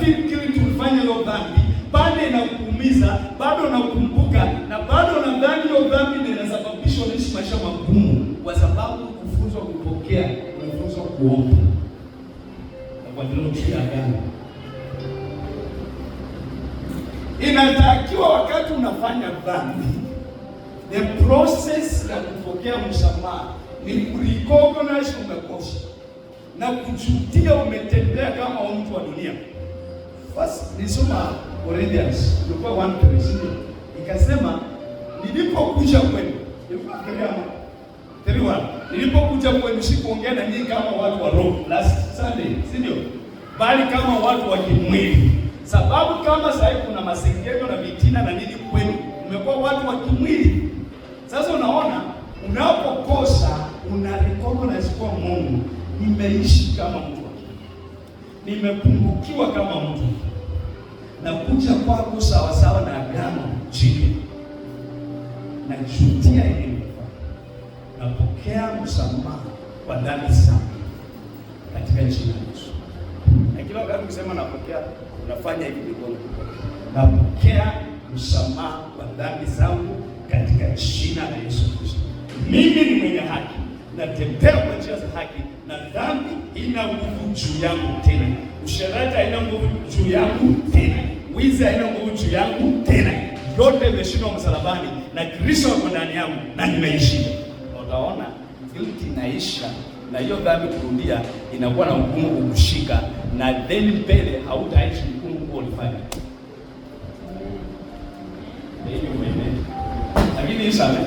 unafikiri tulifanya leo dhambi, bado inakuumiza, bado unakumbuka, na bado unadhani hiyo dhambi ndio inasababisha unaishi maisha magumu, kwa sababu kufunzwa kupokea, kufunzwa kuomba na kwa ndio agano. Inatakiwa wakati unafanya dhambi, the process ya kupokea msamaha ni kurecognize umekosa na kujutia umetembea kama mtu wa dunia. Basi nisoma Corinthians ilikuwa 1 3 ikasema nilipokuja kwenu ilikuwa nilipokuja kwenu sikuongea na nyinyi kama watu wa roho last Sunday, si ndio? Bali kama watu wa kimwili, sababu kama sasa kuna masengenyo na vitina na nini kwenu, mmekuwa watu wa kimwili. Sasa unaona, unapokosa una recognize kwa Mungu, nimeishi kama mtu nimepungukiwa kama mtu na kuja kwako sawasawa na agano jipya, najutia iliyofanya, napokea msamaha kwa dhambi zangu katika jina la Yesu. Na kila wakati ukisema napokea, unafanya hivi mikono, napokea msamaha kwa dhambi zangu katika jina la Yesu Kristo. Mimi ni mwenye haki, natembea kwa njia za haki na dhambi ina nguvu juu yangu tena, usherati haina nguvu juu yangu tena, wizi haina nguvu juu yangu tena, yote imeshindwa msalabani na Kristo yuko ndani yangu na nimeishi. Utaona guilt inaisha na hiyo dhambi kurudia inakuwa na ugumu kukushika, na then mbele hautaishi ugumu huo ulifanya. Lakini isame,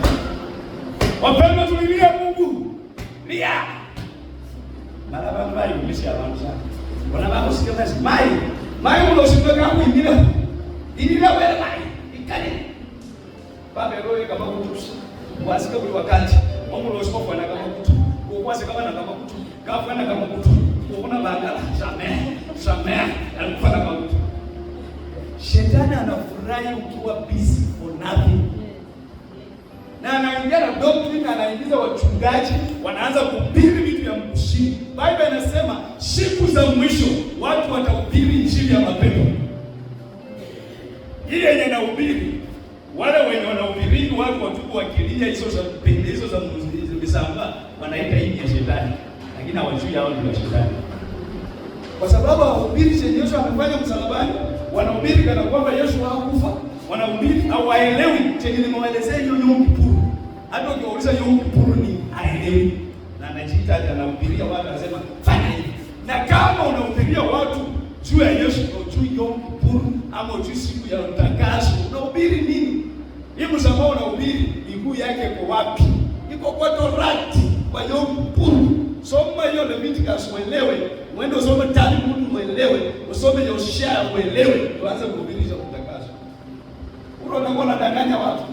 wapendwa, tulilie Mungu lia malaba mali umisi abantu sana bona bamusike mazi mayi mayi unosimeka kuyimira ilira wera mayi ikale wasike buli wakati omulosiko fana kama kutu kabana kama kutu kafana kama kutu obona bagala jamai jamai Shetani anafurahi ukiwa busy for nothing na anaingia na doctrine, anaingiza wachungaji, wanaanza kuhubiri vitu vya mshindi Biblia inasema siku za mwisho watu watahubiri injili ya mapepo. Ile yenye nahubiri wale wenye wanahubiri watu watupu wakilia hizo za pende hizo za misamba wanaita hii ya shetani. Lakini hawajui hao ndio shetani. Kwa sababu wahubiri chenye Yesu amefanya msalabani, wanahubiri kana kwamba Yesu hakufa, wanahubiri waelewi chenye nimewaelezea hiyo Yom Kippur. Hata ukiwauliza Yom Kippur ni haelewi na anajiita anahubiria watu, anasema fanya hivi. Na kama unahubiria watu juu ya Yesu au juu Yom Kippur ama juu siku ya utakaso, unahubiri nini? Hebu sasa, unahubiri miguu yake iko wapi? Iko kwa Torati, kwa Yom Kippur. Soma hiyo Leviticus mwelewe, mwende usome Talmud mwelewe, usome Yoshua mwelewe, tuanze kuhubirisha utakaso. Unaona, unadanganya watu,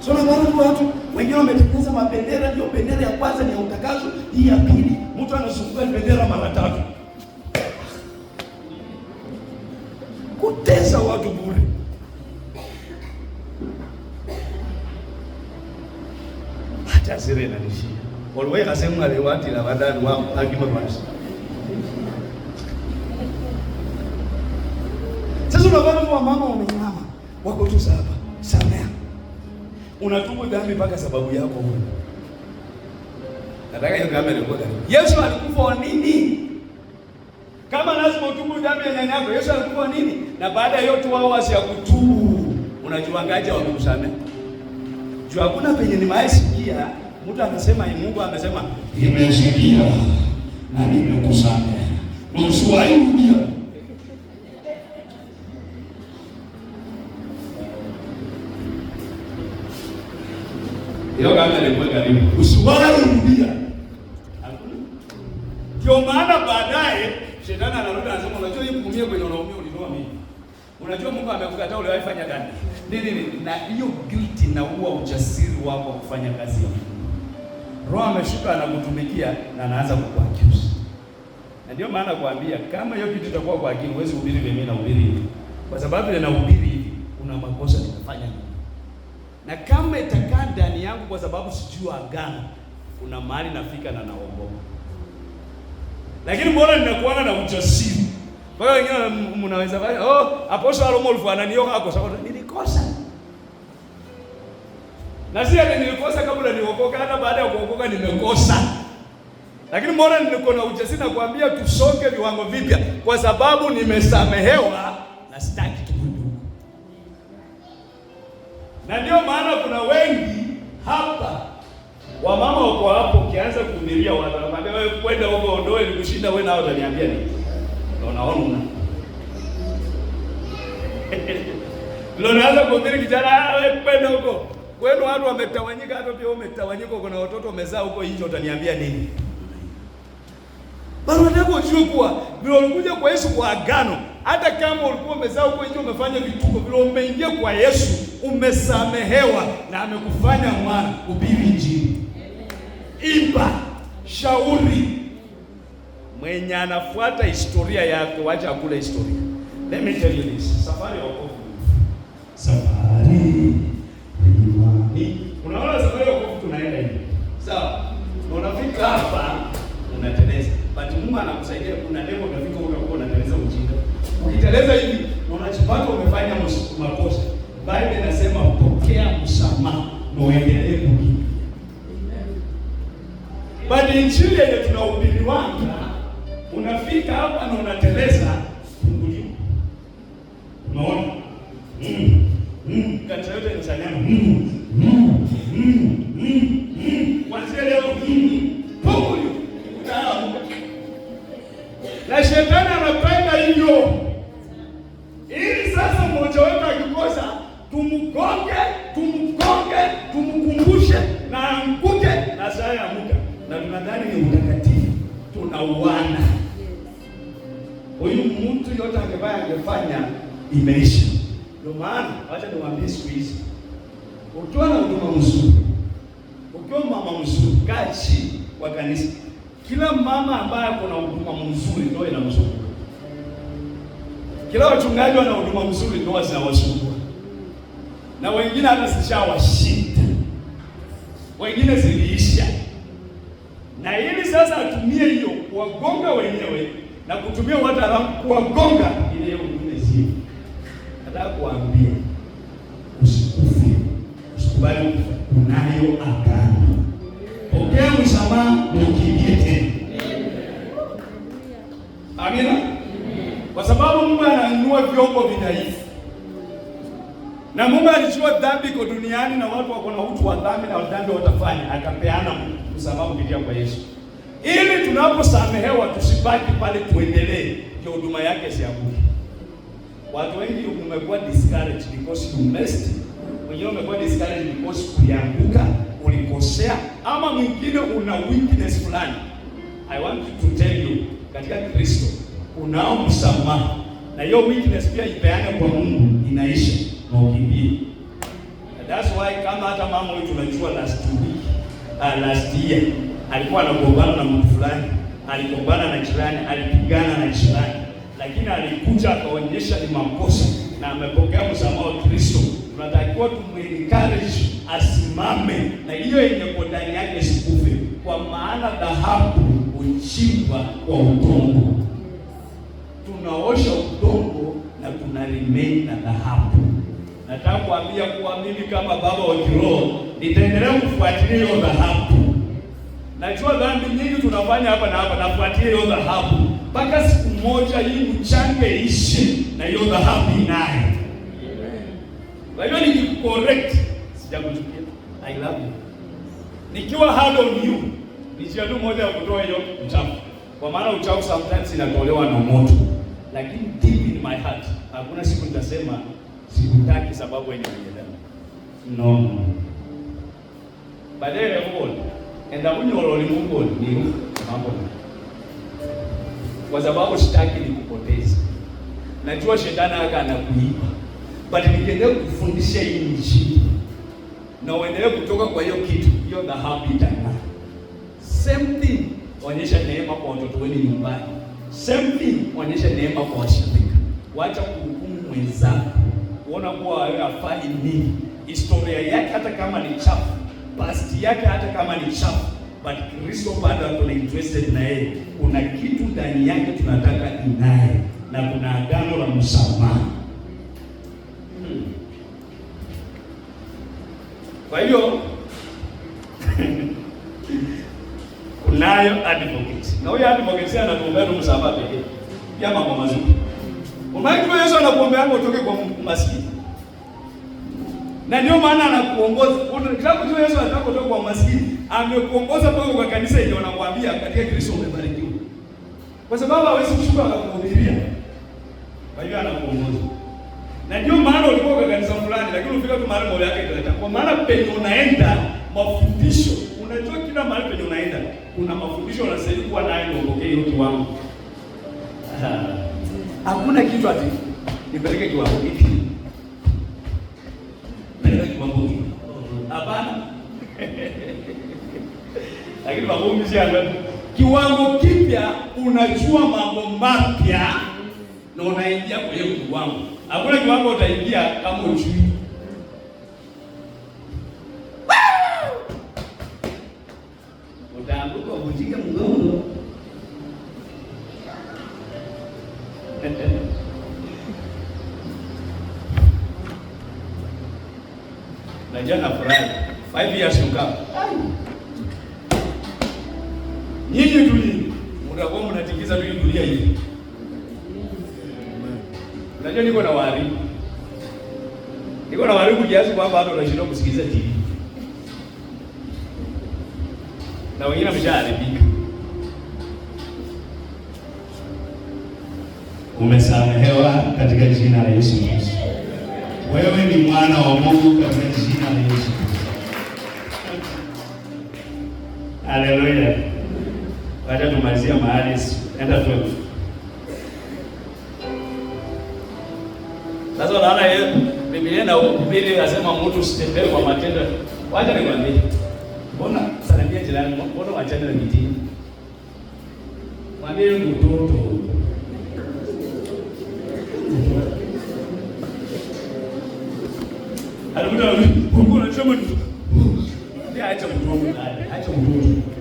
sio unaona watu wengine wametengeneza mabendera, ndio bendera ya kwanza ni ya utakaso, hii ya pili mtu anazunguka bendera mara tatu, kuteza watu bure. Hata siri na nishi. Waliwe kasema lewati la wadani wao akima kwanza. Sasa unaona mama wamenyama wako tu hapa. Samea unatubu dhambi mpaka sababu yako huyo. Nataka hiyo kamera ilikuwa Yesu alikufa nini? Kama lazima utubu dhambi ya nyanya yako, Yesu alikufa nini? Na baada ya yote wao wasi ya kutubu, unajuangaje wamekusamehe? Juu hakuna penye ni maisikia, mtu anasema ee, Mungu amesema, nimesikia na nimekusamehe. Usiwahi rudia. Usiwahi rudia. Ndio maana baadaye shetani anarudi anasema, unajua hii kuumia kwenye unaumia ulinoa mimi. Unajua Mungu amekukataa ule waifanya gani? Nini nini? Na hiyo guilt inaua ujasiri wako kufanya kazi ya Mungu. Roho ameshuka anakutumikia na anaanza kukuaccuse. Na ndio maana kuambia kama hiyo kitu itakuwa kwa akili huwezi kuhubiri vile mimi nahubiri hivi. Kwa sababu ile hivi kuna makosa nitafanya. Na kama ita yangu kwa sababu sijui agano. Kuna mahali nafika na naomboka, lakini mbona ninakuanga na ujasiri mpaka wengine mnaweza basi, oh, Apostle Aromolf ananioka kwa sababu nilikosa na si ati nilikosa kabla niokoka, hata baada ya kuokoka nimekosa. Lakini mbona niko na ujasiri na kuambia tusonge viwango vipya, kwa sababu nimesamehewa na sitaki tukudu. Na ndio maana kuna wengi hapa wamama wako hapo, ukianza kuhubiria wanaambia wewe kwenda huko ondoe, nikushinda wewe nao utaniambia nini? Unaona, ndio naanza kuhubiri kijana, ah, wewe kwenda huko kwenu, watu wametawanyika, hata pia umetawanyika, kuna watoto wamezaa huko nje, utaniambia nini? Bado nataka ujue kuwa vile ulikuja kwa Yesu kwa agano, hata kama ulikuwa umezaa huko nje, umefanya vituko, bila umeingia kwa Yesu umesamehewa na amekufanya mwana. ubiri Injili, imba, shauri. Mwenye anafuata historia yako, wacha akule historia. Let me tell you this, safari ya wokovu, safari imani. Unaona safari ya wokovu tunaenda hivi, sawa? Unafika hapa unateleza, but Mungu anakusaidia. Kuna lengo, unafika unakuwa unateleza ujinga, ukiteleza hivi unajipata umefanya msukuma muendelee kulia. Bado injili yenye tunahubiri wanga, unafika hapa na unateleza funguliwa. Unaona? Mm. Mm. Kata yote ni salama. Mm. Mm. Mm. Mm. mm. Kwanzia leo mm. mm funguliwa. Na shetani anapenda hivyo. Ili sasa mmoja wetu akikosa tumgonge, tumgonge gani ni utakatifu, tunauana. Huyu mtu yote angefanya angefanya imeisha. Ndio maana wacha niwaambie, siku hizi ukiwa na huduma mzuri, ukiwa mama mzuri, kachi wa kanisa. Kila mama ambaye ako na huduma mzuri ndio inamzunguka, kila wachungaji wana huduma mzuri ndio zinawazunguka, na wengine hata zishawashinda, wengine ziliisha na ili sasa atumie hiyo kuwagonga wenyewe na kutumia wataalamu kuwagonga ile hiyo mwingine sio. Nataka kuambia usikufe, usikubali kufa. Unayo agano. Pokea msamaha na ukimbie tena. Amina. Kwa sababu Mungu anainua vyombo vidhaifu. Na Mungu alichukua dhambi kwa duniani na watu wako na utu wa dhambi na dhambi watafanya akapeana Mungu msamaha kupitia kwa Yesu, ili tunaposamehewa tusibaki pale, tuendelee kwa huduma yake si siaguke. Watu wengi umekuwa discouraged because you messed, wengine umekuwa discouraged because ulianguka, ulikosea, ama mwingine una weakness fulani. I want to tell you, katika Kristo unao msamaha, na hiyo weakness pia ipeane kwa Mungu, inaisha na ukimbie. That's why kama hata mama wetu tunajua last two uh, last year alikuwa anagombana na mtu fulani, aligombana na jirani, alipigana na jirani, lakini alikuja akaonyesha ni makosa na amepokea msamaha wa Kristo. Tunatakiwa tumencourage asimame, na hiyo yenye kwa ndani yake sikufe, kwa maana dhahabu huchimbwa kwa udongo. Tunaosha udongo na tunarimeni na dhahabu. Nataka kuambia kuwa mimi kama baba wa kiroho nitaendelea kufuatilia hiyo dhahabu. Najua dhambi nyingi tunafanya hapa na hapa, nafuatilia hiyo dhahabu mpaka siku moja hii mchange ishe na hiyo dhahabu inaye. Kwa hivyo nikikucorrect, sijakuchukia. I love you. Nikiwa hard on you, ni njia tu moja ya kutoa hiyo uchafu. Kwa maana uchafu sometimes inatolewa na moto. Lakini deep in my heart, hakuna siku nitasema sikutaki sababu wewe ni no baadaye yakubona enda unyolo ulimwenguni ni mambo kwa sababu sitaki nikupoteze. Najua shetani haka anakuiba, Bali nikiendelea kufundisha hii injili na uendelee kutoka kwa hiyo kitu, hiyo dhahabu itang'aa. Same thing, onyesha neema kwa watoto wenu nyumbani. Same thing, onyesha neema kwa washirika. Wacha kuhukumu mwenzako kuona kuwa hafai nini, historia yake hata kama ni chafu, past yake hata kama ni chafu, but Kristo bado ako interested na yeye. Kuna kitu ndani yake tunataka inaye, na kuna agano la msamaha hmm. Kwa hiyo kunayo advocate, na huyo advocate anatuombea tu msamaha pekee ya mambo mazuri. Umaiki Yesu anakuombea utoke kwa Mungu umaskini, na ndio maana anakuongoza kitabu cha Yesu. Anataka kutoka kwa umaskini, amekuongoza mpaka kwa kanisa ile, wanakuambia katika Kristo umebarikiwa, kwa sababu hawezi kushuka akakuhubiria, kwa hiyo anakuongoza. Na ndio maana ulikuwa kwa kanisa fulani, lakini ufika tu mahali moyo yake ikaleta, kwa maana penye unaenda mafundisho, unajua kila mahali penye unaenda kuna mafundisho, unastahili kuwa nayo ndio ongee yote wangu hakuna kitu ati nipeleke kiwango hiki Naenda kiwango hiki Hapana. Lakini magumu si yangu. Kiwango kipya, unajua mambo mapya na unaingia kwenye kiwango. Hakuna kiwango utaingia kama ujui. Utaanguka uvunjike mgongo. Vijana furahi. Five years to come. Nyinyi tu nyinyi. Mtakuwa mnatingiza tu dunia hii. Unajua niko na wari. Niko na wari kiasi kwamba hata unashindwa kusikiliza TV. Na wengine wameshaharibika. Umesamehewa katika jina la Yesu Kristo wewe ni mwana wa Mungu katika jina la Yesu Kristo. Haleluya. Wacha tumalizia mahali enda tu. Sasa naona yeye Biblia na Biblia inasema mtu usitembee kwa matendo. Wacha nikwambie. Mbona salimia jirani, mbona wacha na mitini? Mwambie mtoto I don't know.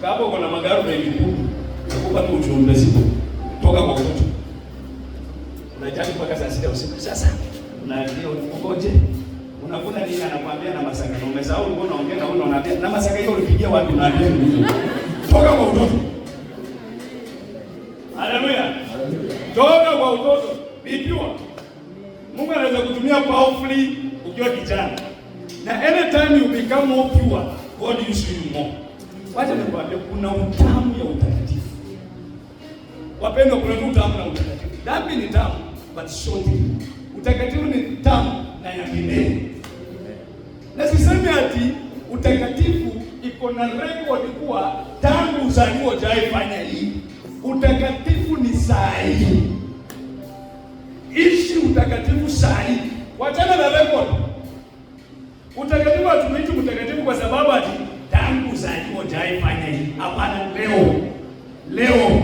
Kama uko na magari mengi kumi, nakupa tu ujumbe zipo. Toka kwa kutu. Unahitaji mpaka saa sita usiku sasa. Na ndio ukoje? Unakuna nini anakuambia na Masaka? Na umesahau ulikuwa unaongea na wewe unaambia na Masaka hiyo ulipigia wapi na nini? Toka kwa kutu. Haleluya. Toka kwa utoto. Bipiwa. Mungu anaweza kutumia powerfully ukiwa kijana. Na anytime you become more pure, God uses you more. Wacha nikwambie kuna utamu ya utakatifu. Wapendwa, kuna utamu na utakatifu. Dhambi ni tamu but short. Utakatifu ni tamu na ya milele. Na sisemi ati utakatifu iko na record kuwa tangu uzaliwa hujaifanya hii. Utakatifu ni saa hii. Ishi utakatifu saa hii. Wachana na record. Utakatifu hatumitu utakatifu kwa sababu ati tangu zaliwo jaifanya hii. Hapana, leo leo,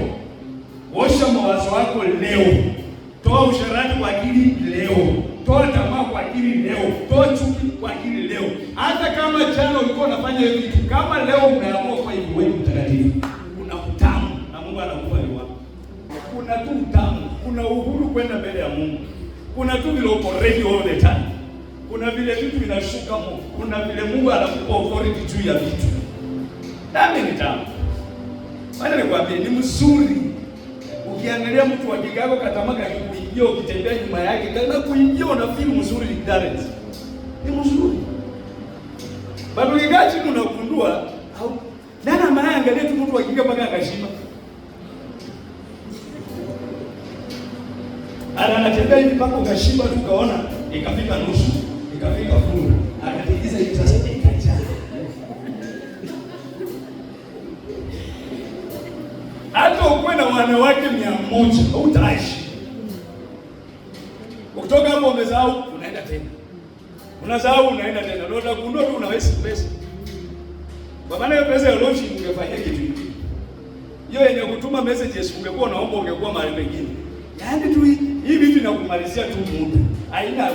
osha mawazo wako leo, toa usharati kwa akili leo, toa tamaa kwa akili leo, toa chuki kwa akili leo. Hata kama jana ulikuwa unafanya hiyo kitu, kama leo umeamua kwa hivyo, wewe mtakatifu, kuna utamu na Mungu anakupa liwa, kuna tu utamu, kuna uhuru kwenda mbele ya Mungu, kuna tu vile uko ready all the time kuna vile vitu vinashuka Mungu, kuna vile Mungu anakupa authority juu ya vitu. Nami ni tamu maana, nikwambie ni mzuri. Ukiangalia mtu wa Chicago katamaka akikuingia, ukitembea nyuma yake kana kuingia, unafeel mzuri direct, ni mzuri bado kigachi, unagundua au nana ambaye angalia tu mtu wa akiingia mpaka akashima, ana anatembea hivi mpaka ukashiba tu, kaona ikafika nusu ikafika fungu akatingiza interest ikajaa. Hata ukuwe na wanawake mia moja utaishi. Ukitoka hapo umesahau, unaenda tena, unasahau, unaenda tena, ndio utakundua tu unaweza pesa, kwa maana hiyo pesa ya loshi ungefanyia kitu kingine. Hiyo yenye kutuma messages ungekuwa unaomba, ungekuwa mahali pengine, yaani tu hii vitu inakumalizia tu muda, haina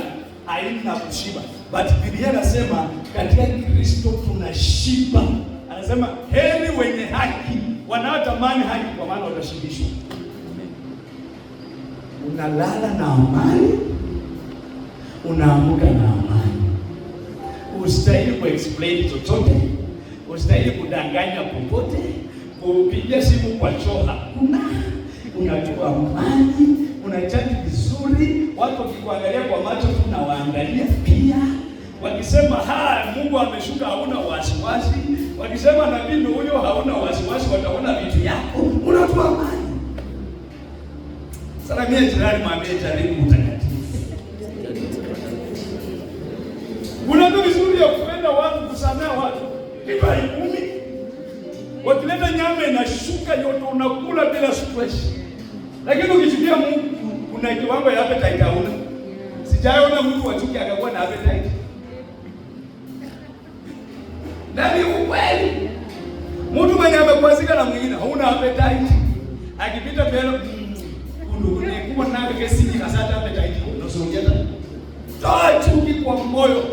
na kushiba, but Biblia anasema katika Kristo tunashiba. Anasema heri wenye haki wanaotamani haki, kwa maana watashibishwa. Unalala na amani, unaamka na amani. Ustahili kuexplain chochote, ustahili kudanganya popote, kupiga simu kwa choo hakuna, unajua amani, unachaji Watu wakikuangalia kwa macho unawaangalia pia. Wakisema ha, Mungu ameshuka, hauna wasiwasi. Wakisema nabii ndio huyo, hauna wasiwasi, wataona vitu yako, unatoa amani. Salamia jirani, mwambie jaribu mtakatifu. Unajua vizuri ya kupenda watu, kusamea watu, lipa kumi. Wakileta nyama inashuka yote, unakula bila stress, lakini ukichukia Mungu una kiwango ya appetite hauna. Sijaona mtu wa chuki akakuwa na appetite. ni ukweli. Mtu mwenye amekuazika na mwingine hauna appetite. Akipita mbele kundu mm, nikuwa na kesi ni kasata appetite. Unasongea tena. Toa chuki kwa moyo.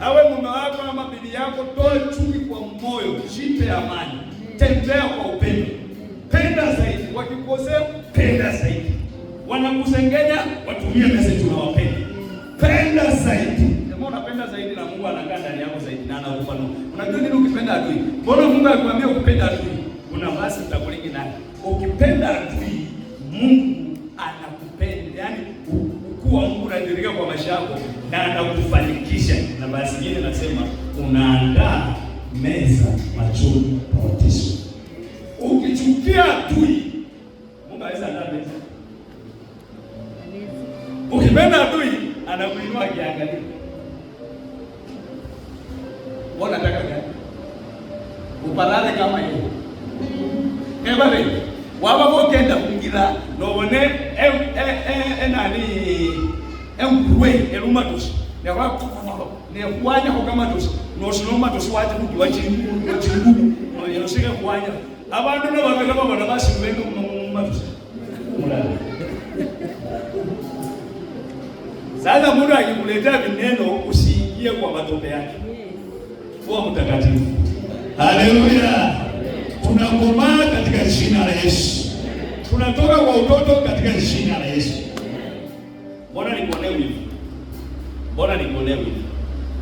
Awe mume wako ama bibi yako, toa chuki kwa moyo, jipe amani. Tembea kwa upendo. Penda zaidi. Wakikosea, penda zaidi wanakusengenya, watumie message unawapenda. Penda zaidi. Kama unapenda zaidi na Mungu anakaa ndani yako zaidi na anakupa. Unajua nini ukipenda adui? Mbona Mungu akwambia ukipenda adui? Una basi utakuliki naye. Ukipenda adui, Mungu anakupenda. Yaani ukuu wa Mungu unadirika kwa maisha yako na anakufanikisha. Na basi yeye anasema unaandaa meza machoni pa watisho. Ukichukia adui anakuinua akiangalia. Mbona nataka gani? Uparare kama hiyo. Eba eh, Waba bo kungira no one e eh, e eh, e nani e ngwe eluma tusi. Ne kwa kwa ne kwanya kwa kama No sinoma tusi wati kuti wachingu wachingu. No yosike kwanya. Abantu nababela baba nabasibenga mu matusi. Mulala. Hata mtu akikuletea vineno usiingie kwa matope yake. Kuwa mtakatifu. Haleluya. Tunakomaa katika jina la Yesu. Tunatoka kwa utoto katika jina la Yesu. Mbona nikuonewe hivi? Mbona nikuonewe hivi?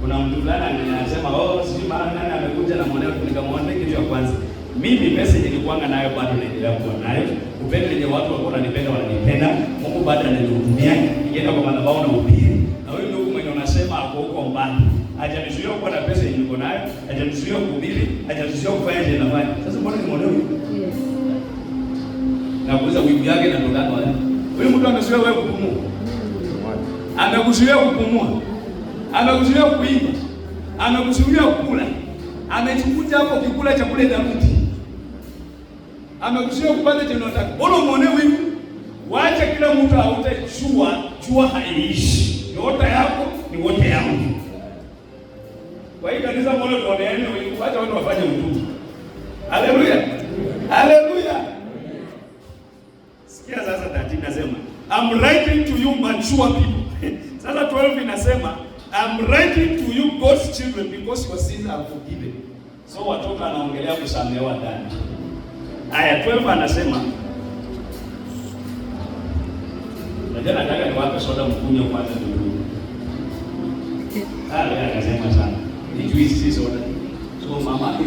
Kuna mtu fulani anasema, "Oh, sijui mara nani amekuja na mwanao nikamwambia kitu ya kwanza." Mimi message nilikuanga nayo bado naendelea kuwa nayo. Upendo wenye watu walikuwa wananipenda wananipenda. Mungu bado ananihudumia, nikienda kwa madhabahu na upili. hajatuzuia kuhubiri, hajatuzuia kufanya tena nafanya. Sasa mbona ni mwanao Na kuweza wivu yake na Huyu mtu wewe kupumua. Amekuzuia kupumua. Amekuzuia kuimba. Amekuzuia hapo kikula Amekuzuia kupata unataka. Mbona mwanao Wacha kila mtu aote jua, jua haiishi. Nyota yako ni wote yangu. Kwa hiyo kanisa mbona tuoneane yaani wengi, acha watu wafanye utu. Haleluya. Haleluya. Sikia sasa 13 nasema, I'm writing to you mature people. Sasa 12 inasema, I'm writing to you God's children because your sins are forgiven. So watoto anaongelea kusamehewa ndani. Aya 12 anasema, Najana nataka niwape soda mkunywe kwanza ndio. Ah, ya anasema sana twist zote. So mama yake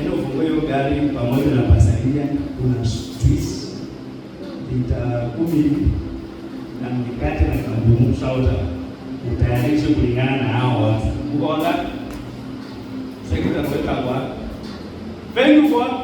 ndio fungue hiyo gari pamoja na pasalia kuna twist lita kumi na mkate na kabumu sauta utayarishe kulingana na hao watu. Uko wangapi? Sasa kwa. Venue kwa